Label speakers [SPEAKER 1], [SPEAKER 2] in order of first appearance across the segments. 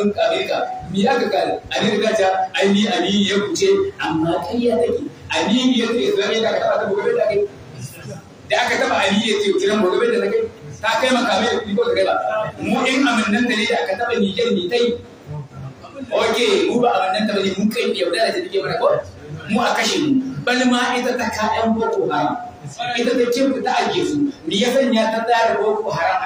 [SPEAKER 1] abin abinka mi aka kare da ta ani ni ya kuce amma kariya take ni ya ce zai da ka taba gobe da kai da aka taba ani ya ce kiran gobe da kai ta kai makame ya ko da kai ba mu in nan da ne aka taba ni jar ni tai oke mu ba nan taba mu kai da ta dike mana ko mu a kashe mu bal ma ita ta kayan boko haram ita ta ce ta ake ya ta da boko haram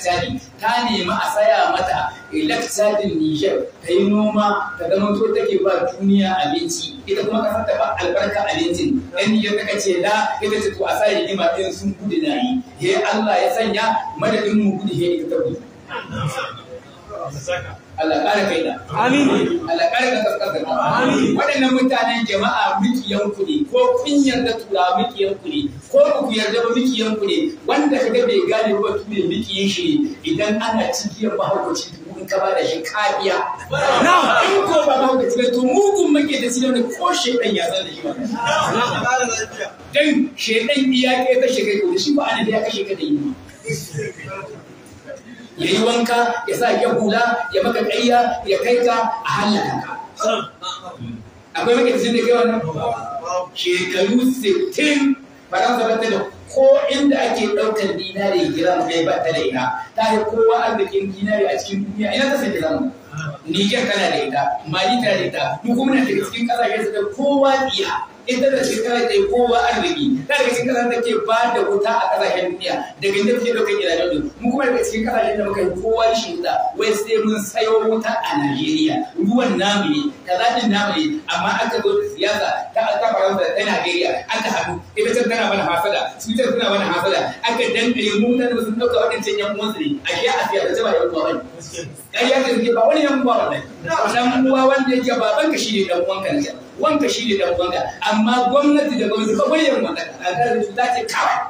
[SPEAKER 1] lakcari ta nemi a saya mata lakcarin Nijar ta yi noma ta zama to take ba duniya a abinci ita kuma kasar ta ba albarka abincin ɗan Niger ta ce da ita ce to a sa rigima ɗin sun gudu na yi he Allah ya sanya madadin mu gudu he ita ta gudu. Allah ƙara kai da amin Allah ƙara ka kaskar da ka amin waɗannan mutanen jama'a mikiyan ku ne ko kun yarda tura mikiyan ku ne ko ba ku yarda ba mikiyan ku ne wanda ka kaga bai gane ba ku ne yin shi idan ana cikiyar mahaukaci in ka bada shi kafiya na in ko ba mahaukaci ne to mugun make da sinan ko shedan ya zan da shi ba Na dan shedan iya kai kashe kai ko shi ba ana da ya kashe ka da yi ya yi wanka ya sa ya hula ya maka ɗaya, ya kai ka a hallaka ka akwai maka cikin da kai wannan shekaru 60 faransa ba ta da ko inda ake ɗaukar dinari giram kai ba ta da ita ta yi kowa arzikin dinari a cikin duniya ina ta sai giram Niger tana da ita, Mali tana da ita, duk kuma na daga cikin ƙasashe da kowa iya. ita da cikin kasar da kowa arziki na daga cikin kasar da ke ba da wuta a kasashen duniya daga inda take dokar gidajen mu mu kuma daga cikin kasashen da muka yi kowa rashin wuta wai sai mun sayo wuta a Najeriya ruwan namu ne kaza din namu ne amma aka zo da siyasa ta ta Faransa ta Najeriya aka haɗu ita ta tana mana hasada su ta tana mana hasada aka dangare mu mutane sun dauka wadancan yan uwansu ne a shi a siyasa ta ba yan uwa bane kariya ta ba wani yan uwa bane dan uwa wanda yake baban ka shi ne dan uwan ka ne wanka shi ne dan gwanga amma gwamnati da gwamnati ba wayan mallaka a kan su ta ce kawai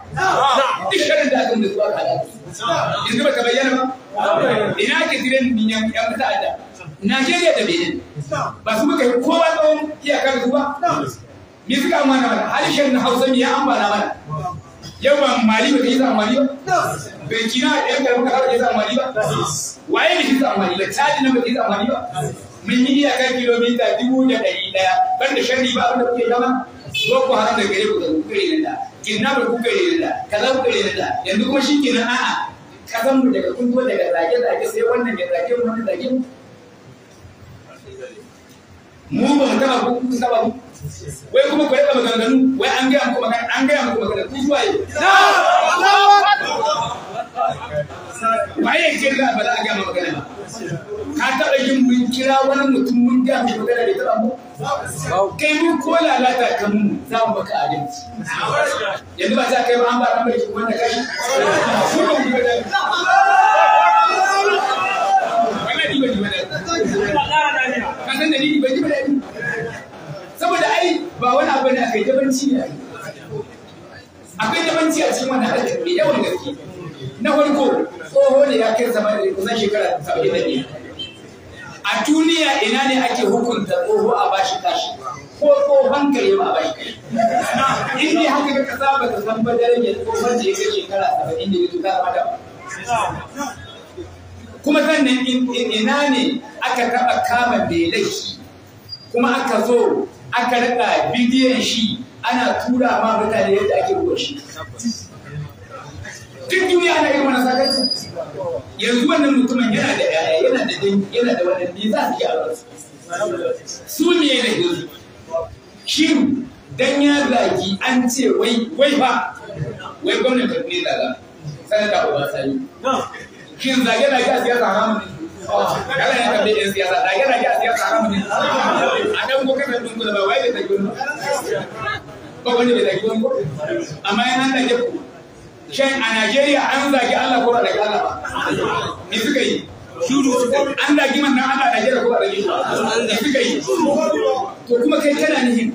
[SPEAKER 1] duk shirin da aka da zuwa ka da yanzu ba ka bayyana ba ina ke tiren yan yan da Najeriya da Benin ba su muka yi ba tsawon iyakar su ba me suka amana mana halishin na Hausa me ya amana ba yawa mali ba ka zama mali ba bai kina yan karfi ka zama mali ba waye ne shi mali ba tsadi na ba ka yi zamani ba mun yi iyakar kilomita dubu da ɗari ɗaya ban da sharri ba abinda kuke zama ko ku haram da gare ku da kuka yi da kinna ba kuka yi da kaza kuka yi da yanzu kuma shi kenan a'a kasan mu daga kun ko daga zage zage sai wannan ya zage mu wannan zage mu mu ba mu taba ku kun mu wai kuma ku yaba maganganu wai an gaya muku magana an gaya muku magana ku zuwa yi ya ce ga ba za a gaya magana ba ka taɓa yin mun kira wani mutum mun ga mu magana da taɓa mu kai mun ko lalata ka mun za mu baka abinci yanzu ba za ka yi ba an ba ran bai wanda kai a duniya ina ne ake hukunta tsoho a bashi tashi ko tsohon gari ba a bashi kare in haka ka ba ka san ba darajar tsohon da ya ga shekara saba'in da ya tuka madam kuma sannan ina ne aka taɓa kama belai shi kuma aka zo aka rika bidiyon shi ana tura ma mutane yadda ake ruwa shi
[SPEAKER 2] duk duniya ana irin wannan sakarci
[SPEAKER 1] yanzu wannan mutumin yana da yaya yana da yana da wani me za su yi a su ne ne yanzu shin dan ya zagi an ce wai wai ba wai gwamnati ne zaga sanata Obasani shin zage zage a siyasa haramun ne Kala yang kami yang siyasa, lagi lagi siyasa A kami. Ada bukan yang ba? lebih baik dari gunung. Kau ini dari gunung. Amai nanti jepun. shan a Najeriya an zagi Allah ko ba da Allah ba me suka yi an zagi man nan Allah Najeriya ko ba zagi me suka yi to kuma kai kana nihin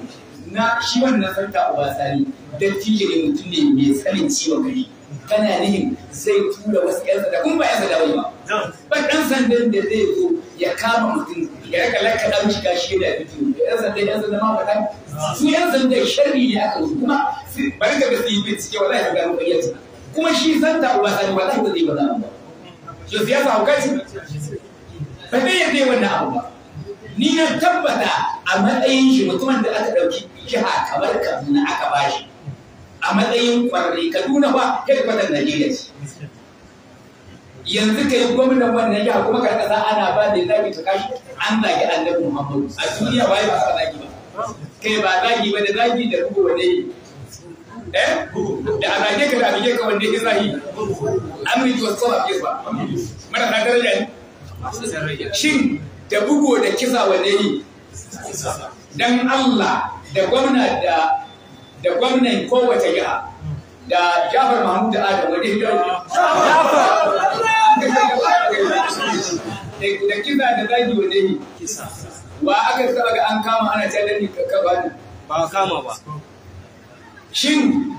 [SPEAKER 1] na shi wannan a uba don dattijo da mutum ne mai tsarin ciwon kai kana nihin zai tura wasu ƴan sanda kuma ba ƴan sanda ba ba ɗan sandan da zai zo ya kama mutum ya kalaka ɗan shiga shi da fitin yan su yan sanda sharri ne aka yi kuma bari ka ga su yi bincike wallahi ka gano ƙaryar ta kuma shi santa uba sani ba zai ba za ba shi siyasa hauka ce ba zai yadda wannan abu ba ni na tabbata a matsayin shi mutumin da aka ɗauki jiha kamar kaduna aka shi a matsayin kwarri kaduna ba kai kwatar najeriya ce yanzu ka yi gwamnan wannan jiha kuma ka kasa ana ba da zaki ta kashi an zagi annabi muhammadu a duniya ba ya ba zagi ba kai ba zagi ba da zagi da rubu wane yi eh? da a zage ka da abige ka wanda ya zahi yi wa sala ke ba mara ka daraja ne shin da bugu da kisa wane yi dan Allah da gwamna da da gwamnan kowace jiha da Jafar Mahmud Adam wani ya Jafar da kiza da zagi wane ne wa aka taba ga an kama ana ta dani ka ba kama ba shin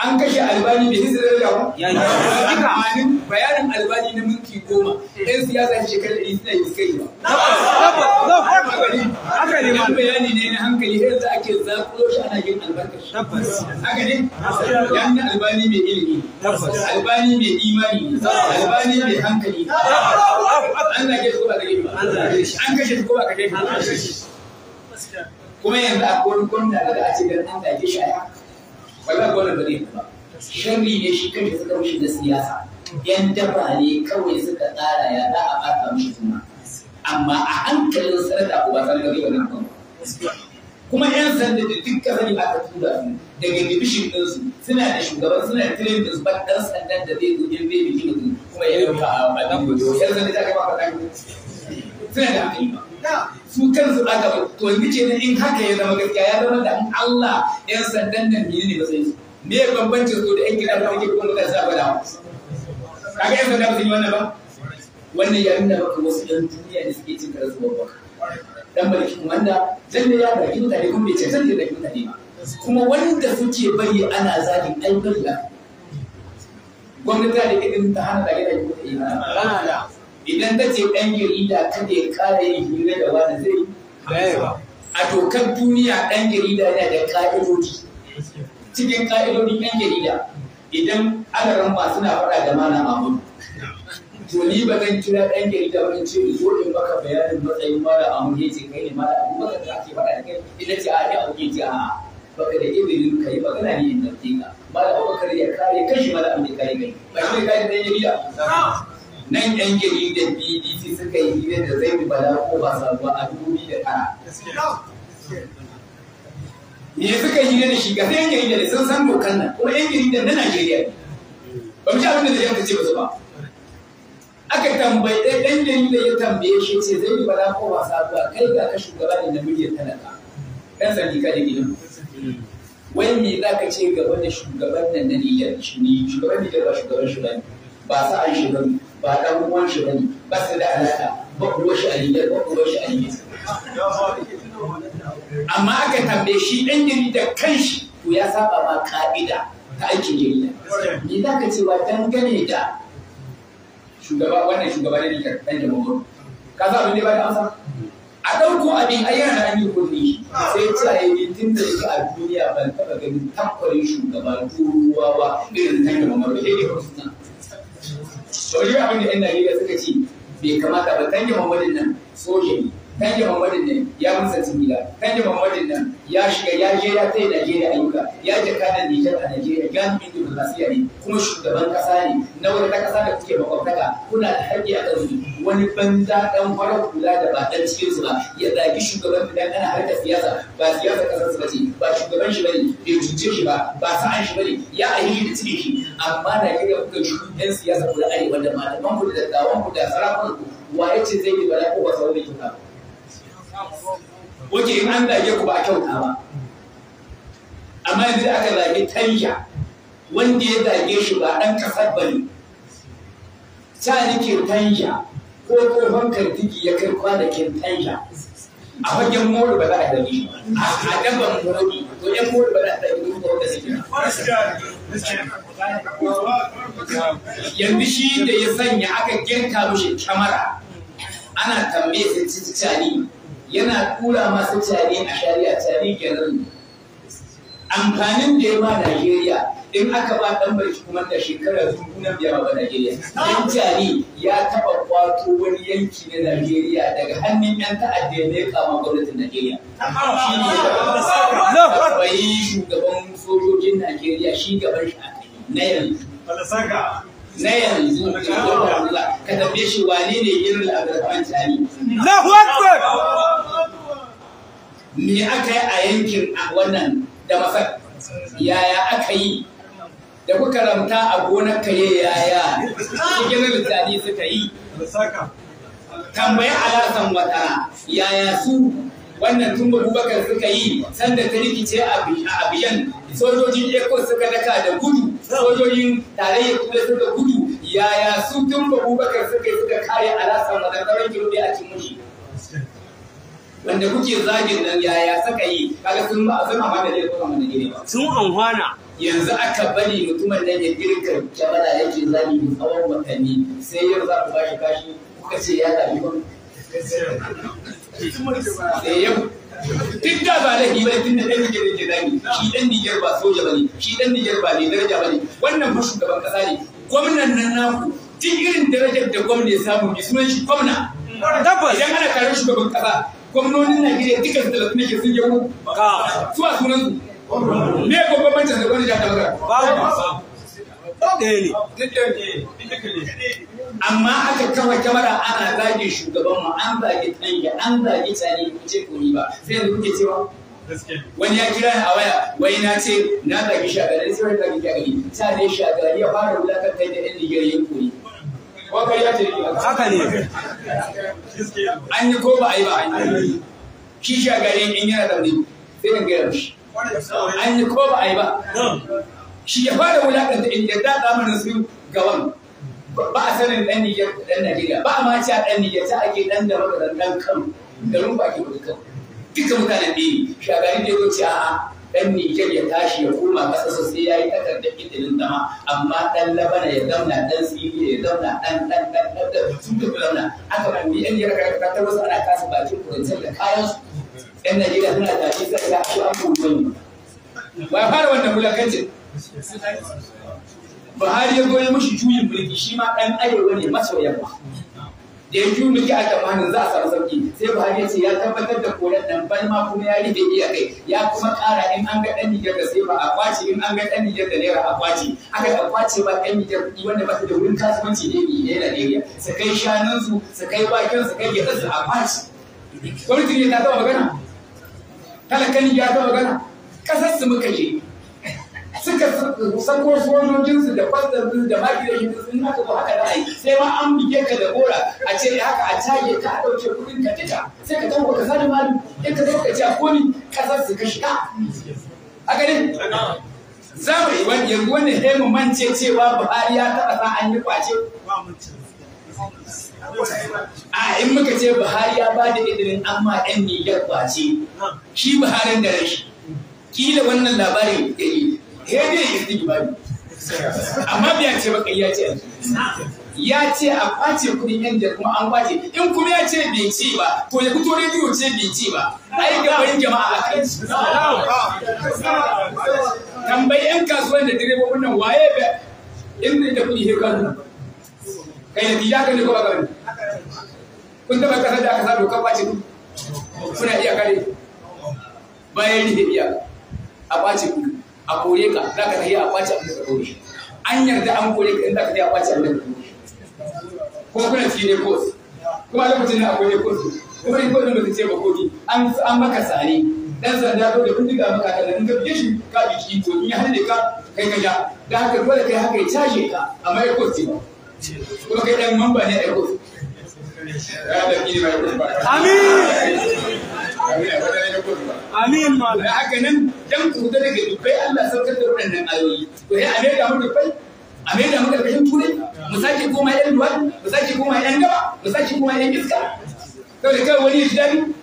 [SPEAKER 1] an kashe albani bai hisa da ba duka anin bayanin albani na minti goma yan siyasa shekarar ɗari suna yi kai ba haka bayani ne na hankali har da ake zaƙo shi ana yin albarkashi tabbas haka ne yan albani mai ilimi albani mai imani albani mai hankali an zage shi ko ba zage ba an kashe shi ko ba kashe ba kuma yanzu akwai wani gwamna da a ce dan an zage shi a haka wannan gwamnati da zai ba sharri ne shi kanshi suka mishi na siyasa yan daba ne kawai suka tsara ya za a ɓata mishi suna amma a hankalin sarda ko ba sarda zai wannan kan kuma yan sanda da duk kasani aka tura su daga division ɗinsu suna da shugaban suna da tirin ɗinsu ba ɗan sandan da zai zuɗin zai biki kuma ya yi ba a ɓatan gudu yan sanda ta kai ba ɓatan gudu suna da hankali ba su kansu aka to yanzu ce in haka ya zama gaskiya ya zama da Allah yan sandan nan ne ne ba sai me ya bambance su da yan kiran da ake kuma da sa bada kaga yan sanda ba su yi wannan ba wannan ya nuna maka wasu yan duniya da suke cin karansu babba dan shi wanda zan da ya baki mutane kuma bai cancanta da mutane ba kuma wanda suke bari ana zagin ayyukan da gwamnati da irin ta hana da gidan kuma ba idan ka ce ɗan jarida kada ya ƙara yin hira da wani zai a dokar duniya ɗan jarida yana da ƙa'idodi cikin ƙa'idodi ɗan jarida idan ana ramba suna faɗa da mana abu to ni ba zan kira ɗan jarida wani ce zo in baka bayanin matsayin mara a ya ce kai ne mara amuru baka da ake faɗa da kai ina ce a ya auke ce a baka da ibirin ka yi magana ne in zarce ka mara abubakar ya kare kashi mara amuru ya kare kai ba shi ne kare ɗan jarida nan yan gari da bdc suka yi hira da zai da ko ba sabuwa a dubi da tara me suka yi hira da shi ga yan gari da sun san dokan nan kuma yan gari da na najeriya ne ba mu ci abin da zai yanka ce ba su ba aka tambayi ɗan ɗan gari da ya tambaye shi ce zai da ko ba sabuwa kai ga ka shugaba da na miliyan talaka ɗan sarki ka da gidan wai me za ka ce gaba da shugaban nan na niyyar shi ne shugaban niyyar ba shugaban shugaban ba ba sa an shugaban ba ɗan uwan shi bane ba su da alaƙa ba uwa shi a Niger ba uwa shi a Niger amma aka tambaye shi ɗan jarida kanshi to ya saba ma ka'ida ta aikin jarida me za ka cewa dangane da shugaba wannan shugaba da Niger ɗan jamhuri ka za abin da ba da amsa a ɗauko abin a yana an yi kuɗi sai ce a yi tun da yake a duniya ban taɓa ganin takwarin shugaba ruwa ba irin nan da mamar da ya yi sauri abin da 'yan Najeriya suka ce bai kamata ba kan Muhammadin nan soja ne kan Muhammadin nan ya musa simila kan Muhammadin nan ya shiga ya je ya tai Najeriya ayyuka ya je kada Nijar a Najeriya jami'in diplomasiya ne kuma shugaban kasa ne na wani ta kasa da kuke makwabtaka kuna da haƙƙi a wani banza dan farar kula da ba dan cikin su ba ya zagi shugaban da ana harka siyasa ba siyasa kasar su ba ce ba shugaban shi bane bai cuce shi ba ba sa'an shi bane ya ahihi da cikin shi amma na da kuka shi ɗan siyasa ku da arewa da malaman ku da dattawan ku da sarakun ku wa ya ce zai yi bala ko ba sauran da kika ba? in an zage ku ba a kyauta ba amma yanzu aka zage tanya wanda ya zage shi ba ɗan ƙasar ba ne sa nake tanya ko tsohon kartiki ya kai kwanakin tanya a wajen moro ba za a dami a daban moro wajen moro ba za a dami ko da suke yanzu shi da ya sanya aka girka mushi kamara ana tambaye su cani yana kura masu cani a shari'a cani kenan amfanin da ya ba Najeriya in aka ba dan bai kuma da shekara dubu na biyar ba Najeriya dan ya taba kwato wani yanki na Najeriya daga hannun yan ta'adda ne kama gwamnatin Najeriya shi ne bai shugaban sojojin Najeriya shi gaban shi na yanzu na yanzu ka tambaye shi wane ne irin Abdulrahman Tani Allahu Akbar me aka yi a yankin wannan da masar yaya aka yi da kuka karanta a gonar ya yaya ah! cikin littafi suka yi tambayi alasan wata yaya su wannan tun bakar suka yi sanda ta rikice a abiyan sojojin eko suka daka da gudu sojojin tarayya kuma suka gudu yaya su tun bakar suka yi suka kare alasan wata tsaron kirbe a cikin wanda kuke zagin nan yaya suka yi kaga sun ba a sun amana da kuma mana gine ba sun amfana yanzu aka bari mutumin nan ya girka kyamara yake zami da tsawon watanni sai yau za ku bashi kashi kuka ce ya zabi ba sai yau duk da ba laifi ba tun da ɗan Nijar yake zami shi ɗan Nijar ba soja ba ne shi ɗan Nijar ba ne daraja ba ne wannan ba shugaban ƙasa ne gwamnan nan naku duk irin darajar da gwamna ya samu ne sunan shi gwamna idan ana karin shugaban ƙasa gwamnonin Najeriya duka talatin da ke sun yi ku suwa sunan su me gwamna bambancin da wani jaka lura amma aka kafa kyamara ana zage shugaban mu an zage tsange an zage tsani ku ce ku ba sai yanzu kuke cewa wani ya kira a waya wai na ce na zage shagari sai wani zage shagari sa ne shagari ya fara wulakar kai da yan nigerian kuri haka ne an yi ko ba a yi ba shi shagari in yana da sai ban gaya an yi ko ba a yi ba shi ya fara wulaƙanta in ta zamanin su gaban ba a sanin ɗan niyyar ɗan Najeriya ba a ma ci a ɗan niyyar ta ake ɗan da maka ɗan kan da rumba ke wani duka mutanen ɗaya shi a da ya wuce a ɗan niyyar ya tashi ya koma ƙasa sosai ya yi takardar ƙidilin zama amma ɗan labana ya zamna ɗan tsiri ya zamna ɗan ɗan ɗan ɗan da sun tafi zamna aka ba mai ɗan niyyar ta wasu ana kasa bakin kurintar da kayan su yan najeriya suna tafi sai da su an buɗe ba fara wannan mulakancin buhari ya goyi mashi juyin mulki shi ma ɗan arewa ne masoyan ba da ya juyin mulki a tamanin za a samu sauki sai buhari ya ce ya tabbatar da koren nan ma kuma ya rike iya kai ya kuma ƙara in an ga ɗan nijar da sai ba a kwace in an ga ɗan nijar da naira a kwace aka ga kwace ba ɗan nijar kuɗi wanda ba da wurin kasuwanci ne ne na Najeriya su kai shanunsu su kai bakinsu, su kai gyaɗansu a kwace gwamnatin ya ta magana talakani ya ta magana Ƙasar su muka yi suka sako sojojinsu da fasdarin da magidanin sun haka ba haka ra'ayi sai ma an bige ka da gora a ce haka a caje ka a ɗauke kuɗin ka tita sai ka tawo ka sani mali in ka zo ka ci a koni kasar su ka shiga a ganin, zamani wani yanzu wani hemu mance cewa buhari ya taɓa sa an yi kwace a in muka ce buhari ya ba da izinin amma ɗan niyyar ba ce shi Buhari da rashi kila wannan labarin ya yi he ne ya yi bari amma bai ce ba ya ce ya ce a kwace kuɗin yan da kuma an kwace in kuma ya ce bai ci ba to ya fito rediyo ce bai ci ba ai gaban jama'a a kai tambayi yan kasuwan da direbobin nan waye ba inda da kuɗi he kanu kai da ka ne ko ba ne kun da kasar da aka sa dokar ku? kuna iya kare bayan rike iya a bacin kudu a kore ka za ka tafiya a bacin a da kore an yarda an kore ka inda ka tafiya a bacin a da ka kore kuma kuna cikin ne kos kuma lokacin da akwai ne kos kuma ni kos da ta ce ba koki an maka sare dan sanda ko da kun ga maka da in ka biye shi ka biki to in ya hande ka kai ka ja da haka dole kai haka ya caje ka amma ya kos ba kuma kai dan mamba ne a yau amin amin malam da haka nan dan dubbai Allah saukar da ayoyi ya ame da ame da turai mu sake koma duwa mu sake koma gaba mu sake koma iska kawai kawai wani ya ji daɗi